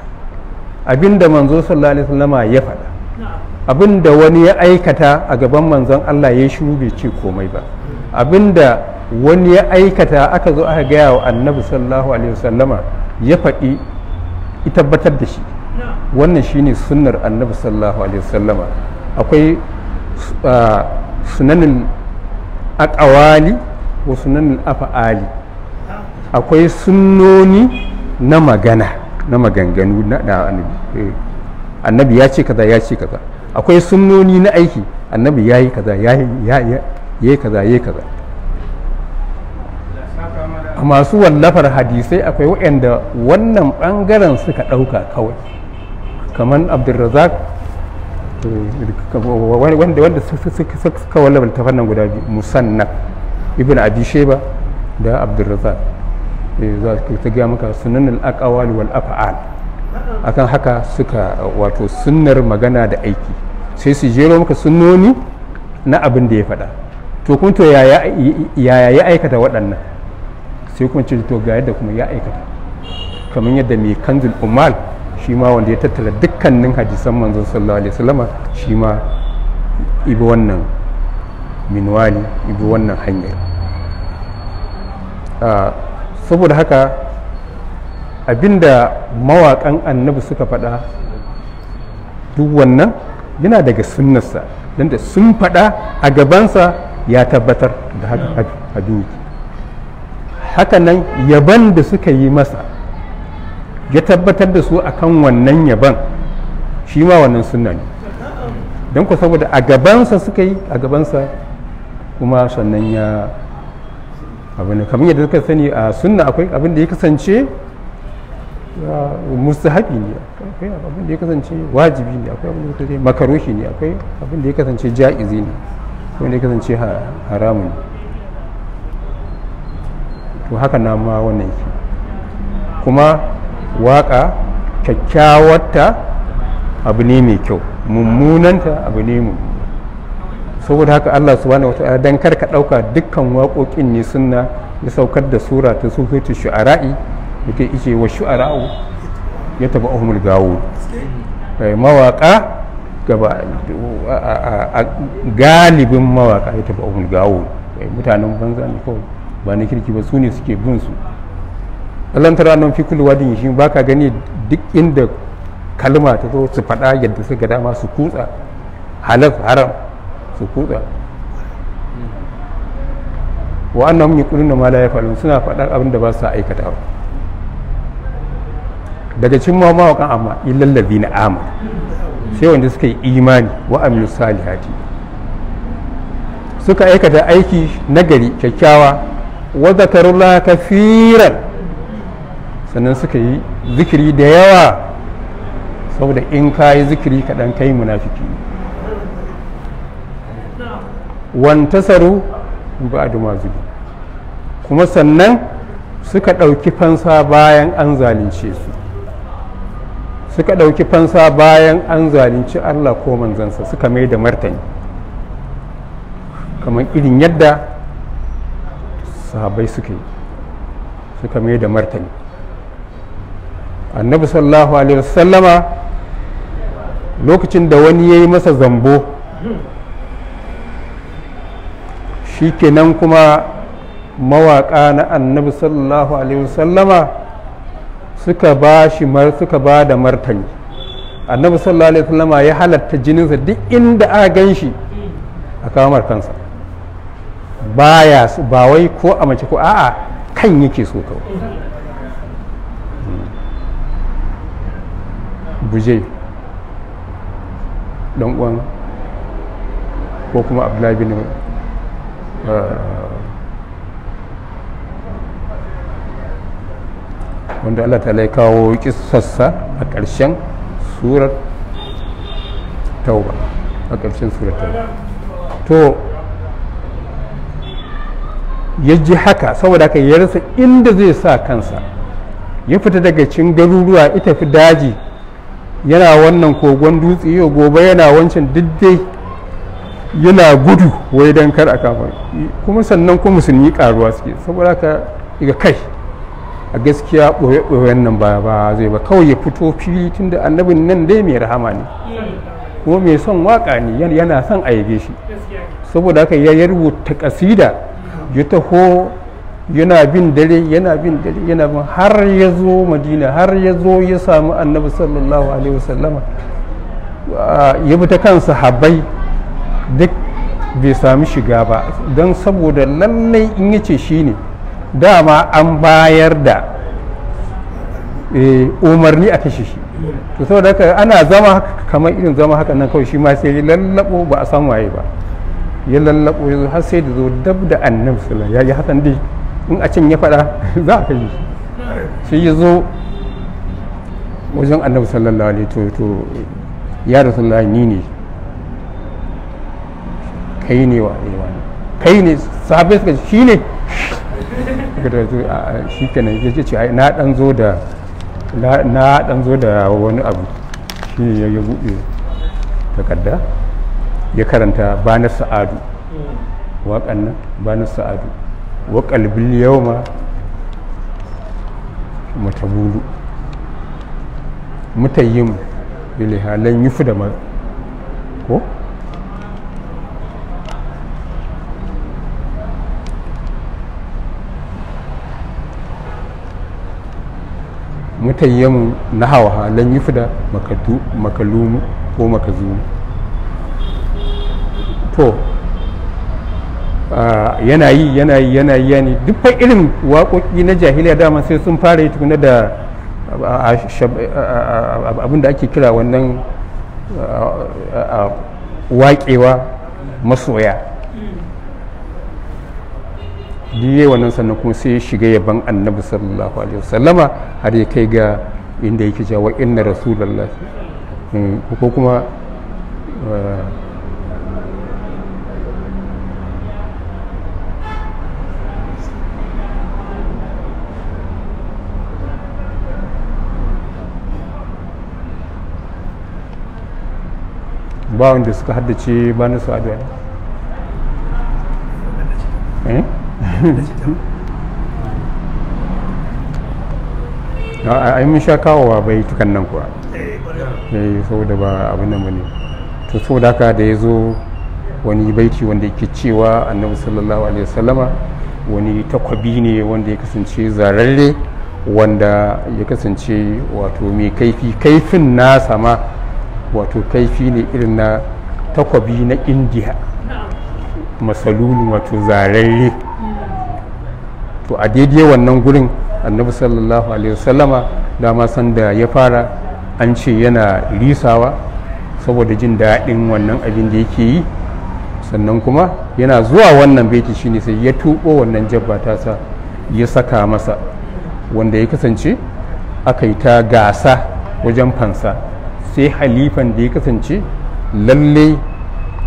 Speaker 2: abinda manzo sallallahu alaihi wasallama ya faɗa abinda wani ya aikata a gaban manzon Allah ya shiru bai ce komai ba abinda wani ya aikata aka zo aka gaya wa annabi sallallahu alaihi wasallama ya faɗi ya tabbatar da shi wannan shine sunnar annabi sallallahu alaihi wasallama akwai ah, sunanin aqawali wa sunanin afa'ali akwai sunnoni na magana na maganganu na annabi eh, annabi ya ce kaza ya ce kaza akwai sunnoni na aiki annabi ya yi kaza ya yi kaza ya yi kaza a masu wallafar hadisai akwai waɗanda wannan ɓangaren suka ɗauka kawai kamar abdulrazak eh, wanda wanda suka wallafa ta fannin guda biyu musannaf ibn abi sheba da abdulrazak Eh, za ta gaya maka sunan al'akawal wal afa'al akan haka suka wato sunnar magana da aiki sai su jero maka sunnoni na abin da ya faɗa to kun to yaya ya aikata waɗannan sai kun ce to ga yadda kuma ya aikata kamar yadda mai kanzul umar shi ma wanda ya tattara dukkanin hadisan manzon sallallahu alaihi wasallama shi ma ibi wannan minwali ibi wannan hanyar ah, saboda haka abinda mawaƙan annabi suka faɗa duk wannan yana daga sunnarsa don da sun faɗa a gabansa ya tabbatar da haka abin hakanan yaban da suka yi masa ya tabbatar da su akan wannan yaban shi ma wannan sunna ne don ku saboda a gabansa suka yi a gabansa kuma sannan ya abin kamar yadda suka sani a sunna akwai abin da ya kasance mustahabi ne akwai abin da ya kasance wajibi ne akwai abin da ya kasance makaroshi ne akwai abin da ya kasance ja'izi ne akwai da ya kasance haramu ne to haka na ma wannan ke kuma waka kyakkyawarta abu ne mai kyau mummunanta abu ne mummuna saboda haka Allah subhanahu wataala dan kar ka dauka dukkan waƙoƙin ne sunna ya saukar da sura ta sufutu shu'ara'i yake ice wa shu'ara'u ya taba ahmul gawo eh, mawaka gaba galibin mawaka ya taba ahmul gawo eh, mutanen banza ne kawai ba na kirki ba su ne suke bin su Allah tara nan fi kullu wadin shi baka gani duk inda kalma ta zo su faɗa yadda suka dama su kutsa halal haram su kutsa wa'annan da ma la faru suna faɗar abin da ba su ba daga cin ma mawakan amma ilallabi na amma sai wanda suka yi imani wa salihati suka aikata aiki nagari kyakkyawa wa ka firar sannan suka yi zikiri da yawa saboda in ka yi zikiri kaɗan kai munafiki wantasaru ba duma zubi kuma sannan suka ɗauki fansa bayan an zalunce su suka ɗauki fansa bayan an zalunci Allah ko manzansa suka mai da martani kamar irin yadda sahabai suka yi suka mai da martani annabi sallallahu alaihi wasallama lokacin da wani ya yi masa zambo shikenan kuma mawaƙa na annabi sallallahu alaihi wasallama suka ba shi suka ba da martani annabi sallallahu alaihi wasallama ya halatta jininsa duk inda a gan shi a kamar kansa baya ba wai ko a mace ko a'a kan yake so kawai hmm. buje don uwan ko kuma abdullahi bin Eh, wanda Allah ta lai kawo kisassa a ƙarshen surar tauba a ƙarshen surar tauba to ya ji haka saboda haka ya rasa inda zai sa kansa ya fita daga cin garuruwa ita fi daji yana wannan kogon dutse yau gobe yana wancan dai yana gudu wai don kar a kafin kuma sannan kuma musulmi karuwa suke saboda ka ga kai a gaskiya ɓoye-ɓoyen nan ba ba zai ba kawai ya fito fili tunda annabin nan dai mai rahama ne kuma mai son waka ne yana son a yage shi saboda haka ya rubuta kasida ya taho yana bin dare yana bin dare yana bin har ya zo madina har ya zo ya samu annabi sallallahu alaihi wasallama ya bi ta kansa habai duk bai sami shiga ba don saboda lallai in ce shi ne dama an bayar da eh, umarni a kashe shi to saboda haka ana zama kamar irin zama haka nan kawai shi ma sai ya lallabo ba a san waye ba ya lallabo ya zo har sai da zo dab da annabi sallallahu ya yi hasan dai in a can ya fada za a kashe shi sai ya zo wajen annabi sallallahu alaihi to ya rasulullahi ni ne kai ne wa ne eh, wani kai ne sahabai suka shi ne shi kenan ya ce na dan zo da na dan zo da wani abu shi ne ya buɗe takarda ya karanta banar sa'adu waƙan nan banar sa'adu wa kalbil yawma matabulu mutayyim bilihalan yufu da ko mutayyamu na hawa lan yi fida makalumu ko makazumu to ah, yana yi yana yi yana yi yani dukkan irin waƙoƙi na jahiliya dama sai sun fara yi tukuna da abinda ake kira wannan waƙewa masoya duk wannan sannan kuma sai ya shiga yaban annabi sallallahu alaihi wasallama har ya kai ga inda yake cewa inna rasulullah hmm, ko kuma eh, ba wanda suka haddace ba na su adana eh? A mun sha kawowa bai tukan nan kuwa eh, eh saboda ba abin nan bane to so da da ya zo wani baiti wanda yake cewa annabi sallallahu alaihi wasallama wani takwabi ne wanda ya kasance zararre wanda ya kasance wato mai kaifi kaifin nasa ma wato kaifi ne irin na takwabi na indiya masalulu wato zararre to a daidai wannan gurin annabi sallallahu alaihi wasallama dama sanda ya fara an ce yana risawa saboda jin daɗin wannan abin da yake yi sannan kuma yana zuwa wannan beti shine sai ya tuɓo wannan jabba sa ya saka masa wanda ya kasance aka yi ta gasa wajen fansa sai halifan da ya kasance lalle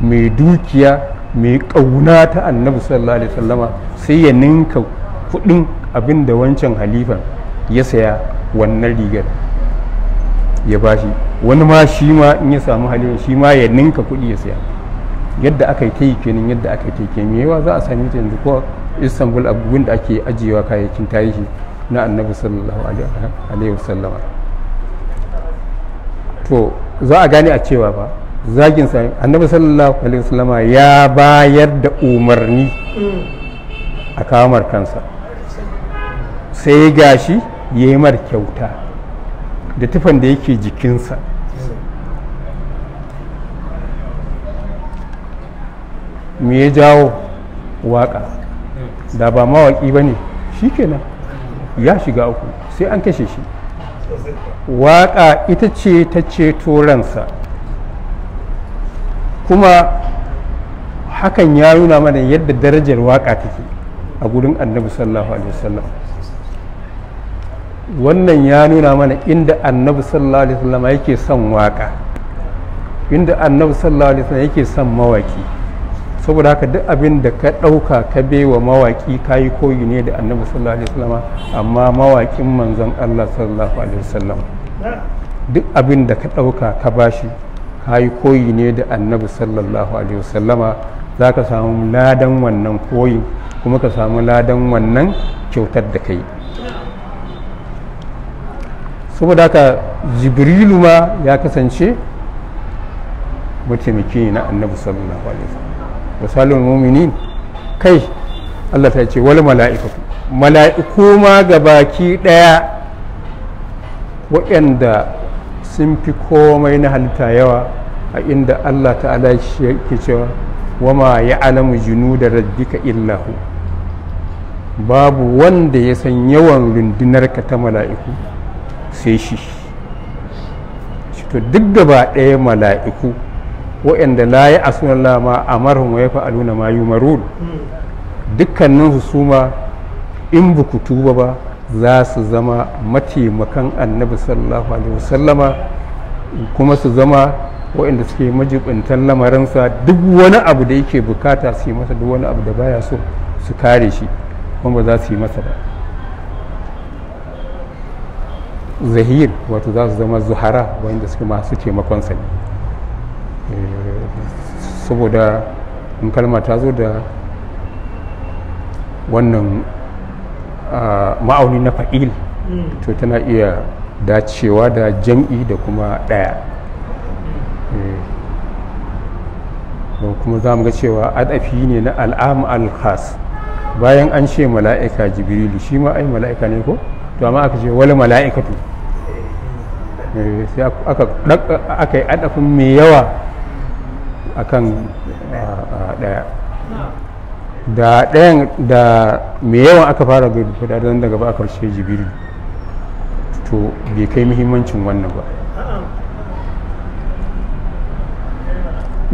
Speaker 2: mai dukiya mai ƙauna ta annabi sallallahu alaihi wasallama sai ya ninka kudin abin da wancan halifan ya saya wannan rigar ya bashi wani ma shi ma in ya samu halifan shi ma ya ninka kudi ya saya yadda aka yi ta yi kenan yadda aka yi ta yi kenan yawa za a sami ta yanzu ko istanbul abubuwan da ake ajiyewa kayayyakin tarihi na annabi sallallahu alaihi wasallama to za a gane a cewa ba zagin sa annabi sallallahu alaihi wasallama ya bayar da umarni mm. a kamar kansa sai gashi ya yi mar kyauta da tufan da yake jikinsa me ya jawo waka da ba mawaƙi ba ne shi kenan ya shiga uku sai an kashe shi waƙa ita ce ta ceto ransa kuma hakan ya nuna mana yadda darajar waƙa take a gurin annabi sallallahu alaihi wasallam wannan ya nuna mana inda annabi sallallahu alaihi wasallam yake son waka inda annabi sallallahu alaihi wasallam yake son mawaki saboda haka duk abin da ka ɗauka ka baiwa mawaki ka yi koyi ne da annabi sallallahu alaihi wasallam amma mawakin manzon Allah sallallahu alaihi wasallam duk abin da ka ɗauka ka bashi ka yi koyi ne da annabi sallallahu alaihi wasallama za ka samu ladan wannan koyi kuma ka samu ladan wannan kyautar da kai saboda haka jibrilu ma ya kasance mataimaki na annabi sallallahu alaihi wasallam mu'minin kai Allah ta ce wal mala'ikatu mala'iku ma gabaki daya waɗanda sun fi komai na halitta yawa a inda Allah ta'ala ke cewa wa ma alamu junuda rabbika illahu babu wanda ya san yawan rundunarka ta mala'iku sai shi shi to duk da ba ɗaya mala'iku waɗanda layi a sunan lama a marhum ya fa aluna ma yi marul dukkanin su ma in buku tuba ba za su zama mataimakan annabi sallallahu alaihi wasallama kuma su zama waɗanda suke majibintan lamarinsa duk wani abu da yake bukata su yi masa duk wani abu da baya so su kare shi kuma ba za su yi masa ba zahir wato za su zama zuhara wanda suke masu taimakon sa eh, saboda in kalma ta zo da wannan ah, ma'auni na fa'il mm. to tana iya dacewa da jam'i da kuma ɗaya eh, kuma za mu ga cewa adafi ne na al'am al-khas bayan an ce mala'ika jibrilu shi ma ai mala'ika ne ko to amma aka ce wala mala'ikatu Eh, sai aka yi adafin mai yawa a kan ɗaya da ɗayan da mai yawan aka fara guda don daga ba a karshe jibiru to bai kai muhimmancin wannan ba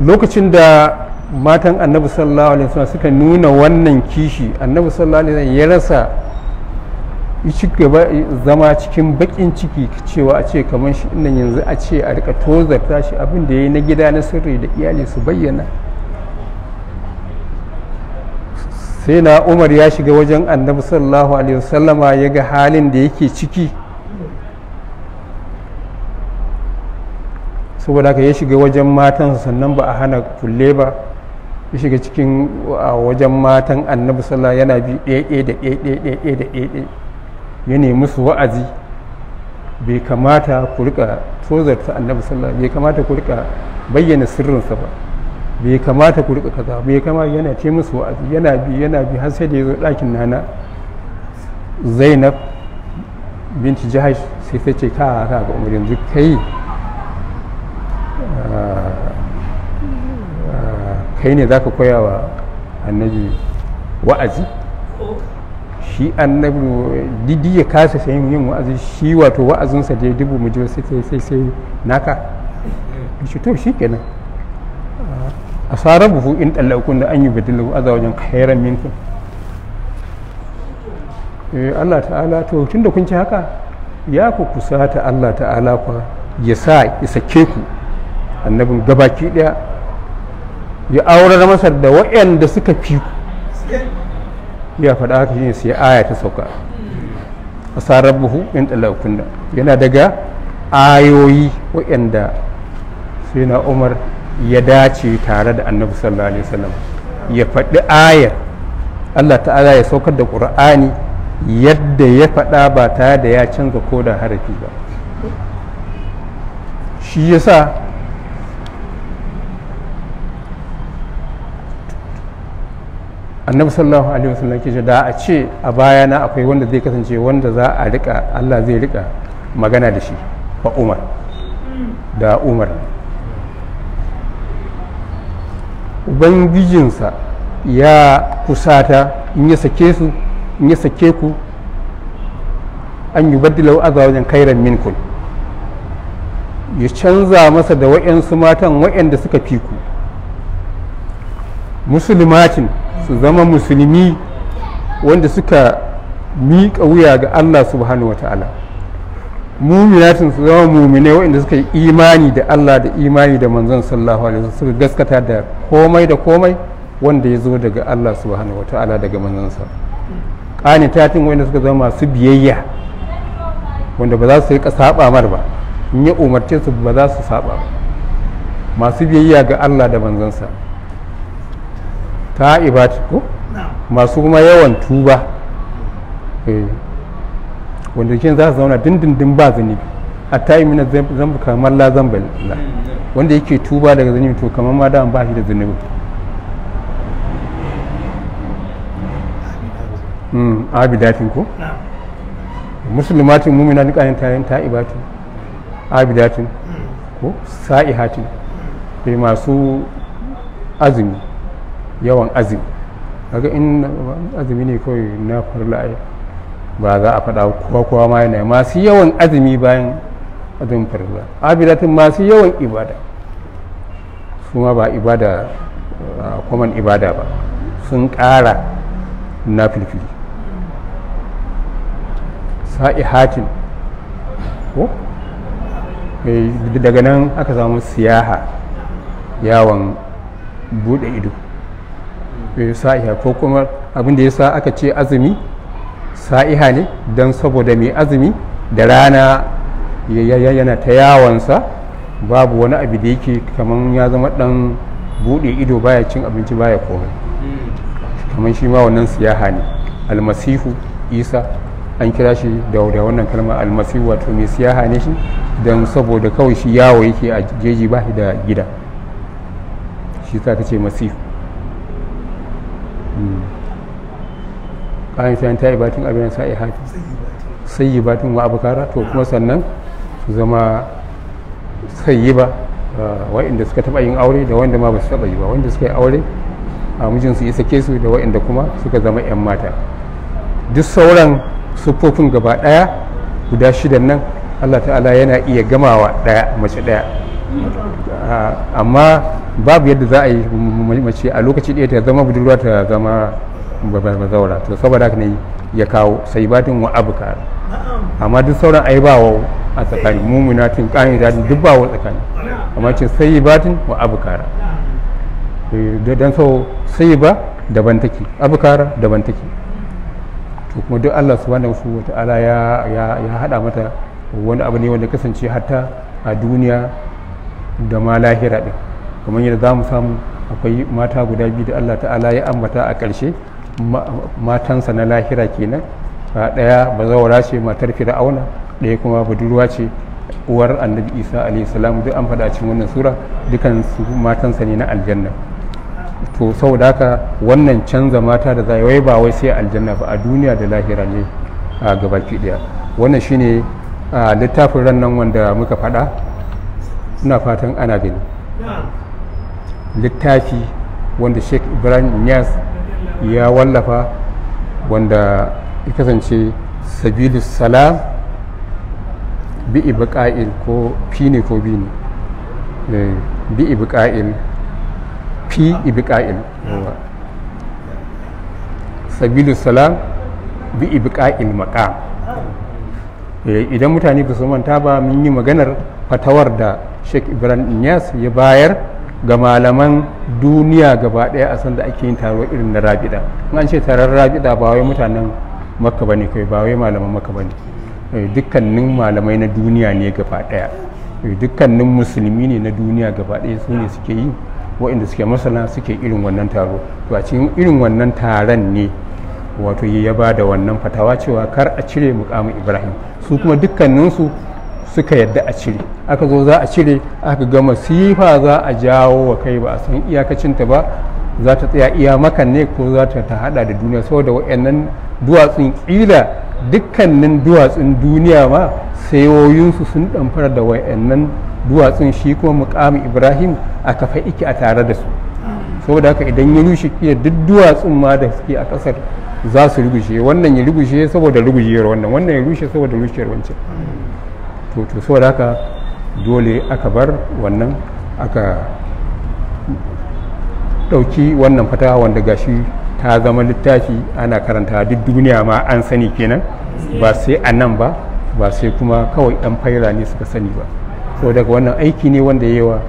Speaker 2: lokacin da matan annabi sallallahu alaihi suna suka nuna wannan kishi annabi sallallahu alaihi wasallam ya rasa ci gaba eh, zama cikin bakin ciki cewa a ce kamar shi nan yanzu a ce a rika tozarta shi abin da ya yi na gida na sirri da iyali su bayyana sai na umar ya shiga wajen annabi sallallahu alaihi wasallama ya ga halin da yake ciki saboda haka ya shiga wajen matan sannan ba a hana kulle ba ya shiga cikin wajen matan annabi sallallahu yana bi ɗaya ɗaya da ɗaya da ya nemi musu wa'azi bai kamata ku rika tozarta annabi sallallahu bai kamata ku rika bayyana sirrinsa ba bai kamata ku rika kaza bai kamata yana ce musu wa'azi yana bi yana bi har sai da ya zo nana zainab binti jihash sai ta ce ka ka ga umar yanzu kai ah, ah, kai ne za ka koya wa annabi wa'azi shi annabi didi ya kasa sayin yin wa'azi shi wato wa'azinsa da ya dubu mu jiwa sai sai sai naka shi to shi kenan a sarar buhu in tallakun da an yi badilu a wajen khairan minkum eh, Allah ta'ala to tun da kun ci haka ya ku kusata Allah ta'ala kwa ya sa ya sake ku annabin gabaki ɗaya ya aurar masa da da suka fi ku ya faɗa haka shine sai aya ta
Speaker 3: sauka
Speaker 2: buhu in talakunna yana daga ayoyi waɗanda sai na umar ya dace tare da annabi sallallahu alaihi wasallam ya faɗi ayar allah ta'ala ya saukar da ƙura'ani yadda ya faɗa ba tare da ya canza ko da harafi ba shi yasa annabi sallallahu alaihi wasallam ke da a ce a bayana akwai wanda zai kasance wanda za a rika Allah zai rika magana da shi fa Umar da Umar ubangijinsa ya kusata in ya sake su in ya sake ku an yi wa azawa wajen kairan minkul ya canza masa da wa'yansu matan wa'yanda suka fi ku musulmatin su zama musulmi wanda suka miƙa wuya ga Allah subhanahu wata'ala muminatin su zama muminai waɗanda suka yi imani da Allah da imani da manzon sallallahu alaihi wasallam suka gaskata da komai da komai wanda ya zo daga Allah subhanahu wata'ala daga manzansa tatin waɗanda suka zama masu biyayya wanda ba za su yi saba mar ba in ya umarce su ba za su saba masu biyayya ga Allah da manzansa Ta ta'ibat ko masu kuma yawan tuba eh. wanda shi za su zauna dindindin ba zunubi a ta yi mina zambu kamar la zambu la hmm, wanda yake tuba daga zunubi to kamar ma da ba shi da zunubi hmm, dafin ko musulmatin mumina ni kayan tayin abi dafin hmm. ko sa'ihatin eh, masu azumi yawan azumi kaga in azumi ne kawai na farla ai ba za a faɗa kowa kowa ma yana masu yawan azumi bayan azumin farla abidatin masu yawan ibada su ma ba ibada kwaman ibada ba sun ƙara na filfili hatin ko eh, daga nan aka samu siyaha yawon bude ido sa'iha ko kuma abin da ya sa aka ce azumi sa'iha ne don saboda mai azumi da rana yana ta yawansa babu wani abu da yake kamar ya zama dan buɗe ido baya cin abinci baya komai kamar shi ma wannan siyaha ne almasihu isa an kira shi da wannan kalma almasihu wato mai siyaha ne shi don saboda kawai shi yawo yake a jeji ba da gida shi ta ce masihu kayan sayan ta yi batun abin sa'i ihati sai yi batun wa kara to kuma sannan su zama sai yi ba ah, wa'inda suka taɓa yin aure da wanda ma ba su taɓa yi ba wanda suka yi aure a mijinsu ya ke su da wa'inda kuma suka zama 'yan mata duk sauran siffofin gaba ɗaya guda shidan nan allah ta'ala yana iya gamawa ɗaya mace ɗaya Ah, amma babu yadda za a yi mace a lokaci ɗaya ta zama budurwa ta zama mazaura to saboda haka ne ya kawo sai batin wa abu ka amma duk sauran ai ba wa a tsakani tun kanin da duk ba wa tsakani amma ce sai batin wa abu kara eh, don so sai ba daban take abu kara daban take to kuma duk Allah subhanahu wa wata ala ya hada mata wani abu ne wanda kasance hatta a duniya da ma lahira ɗin kamar yadda za mu samu akwai mata guda biyu da allah ta'ala ya ambata a ƙarshe matansa na lahira kenan ɗaya ba bazawara ce matar fir'auna ɗaya kuma budurwa ce uwar annabi isa alayhi duk an faɗa cikin wannan sura dukan su matansa ne na aljanna to saboda haka wannan canza mata da zai wai ba wai sai aljanna ba a duniya da lahira ne a gabaki daya wannan shine littafin ran nan wanda muka faɗa ina fatan ana bin littafi wanda sheikh ibrahim yas ya wallafa wanda ya kasance sabili salam bi ibi ka'il ko fi ne ko eh, bi ne bi ka'il fi ka'il sabili salam bi ka'il maka eh, idan mutane ba su manta ba mun yi maganar fatawar da sheikh ibrahim inyas ya bayar ga malaman duniya gaba daya a sanda ake yin taro irin na rabida an ce taron rabida ba wai mutanen makka ba ne kai ba wai malaman makka ba ne eh, dukkanin malamai na duniya ne gaba daya eh, dukkanin musulmi ne na duniya gaba daya su ne suke yi waɗanda suke masana suke irin wannan taro to a cikin irin wannan taron ne wato ya ba da wannan fatawa cewa kar a cire mukamin ibrahim su kuma dukkaninsu suka yadda a cire aka zo za a cire aka ga masifa za a jawo wa kai ba a san iyakacinta ba za ta tsaya iya makan ne ko za ta ta hada da duniya saboda wa'annan duwatsun kila dukkanin duwatsun duniya ma sayoyinsu sun damfara da wa'annan duwatsun shi kuma mukamin ibrahim a kafa iki a tare da su saboda haka idan ya rushe kila duk duwatsun ma da suke a kasar za su rubuce wannan ya rubuce saboda rugujewar wannan wannan ya rushe saboda rushewar wancan to to da haka dole aka bar wannan aka ɗauki wannan fata wanda gashi ta zama littafi ana karanta duk duniya ma an sani kenan ba sai a nan ba ba sai kuma kawai ɗan faira ne suka sani ba so daga wannan aiki ne wanda yawa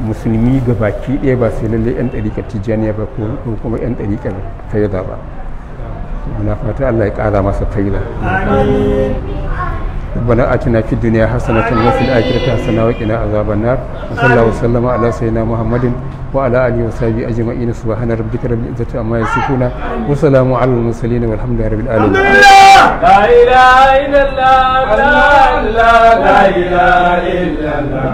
Speaker 2: musulmi ga baki ɗaya ba sai lalle 'yan ɗarikar tijjaniya ba ko kuma 'yan ɗarikar faira ba muna fata allah ya ƙara masa faira ربنا آتنا في الدنيا حسنة وفي الآخرة حسنة وقنا عذاب النار وصلى الله وسلم على سيدنا محمد وعلى آله وصحبه أجمعين سبحان ربك رب العزة عما يصفون وسلام على المرسلين والحمد لله رب العالمين لا
Speaker 3: إله إلا الله لا إله إلا الله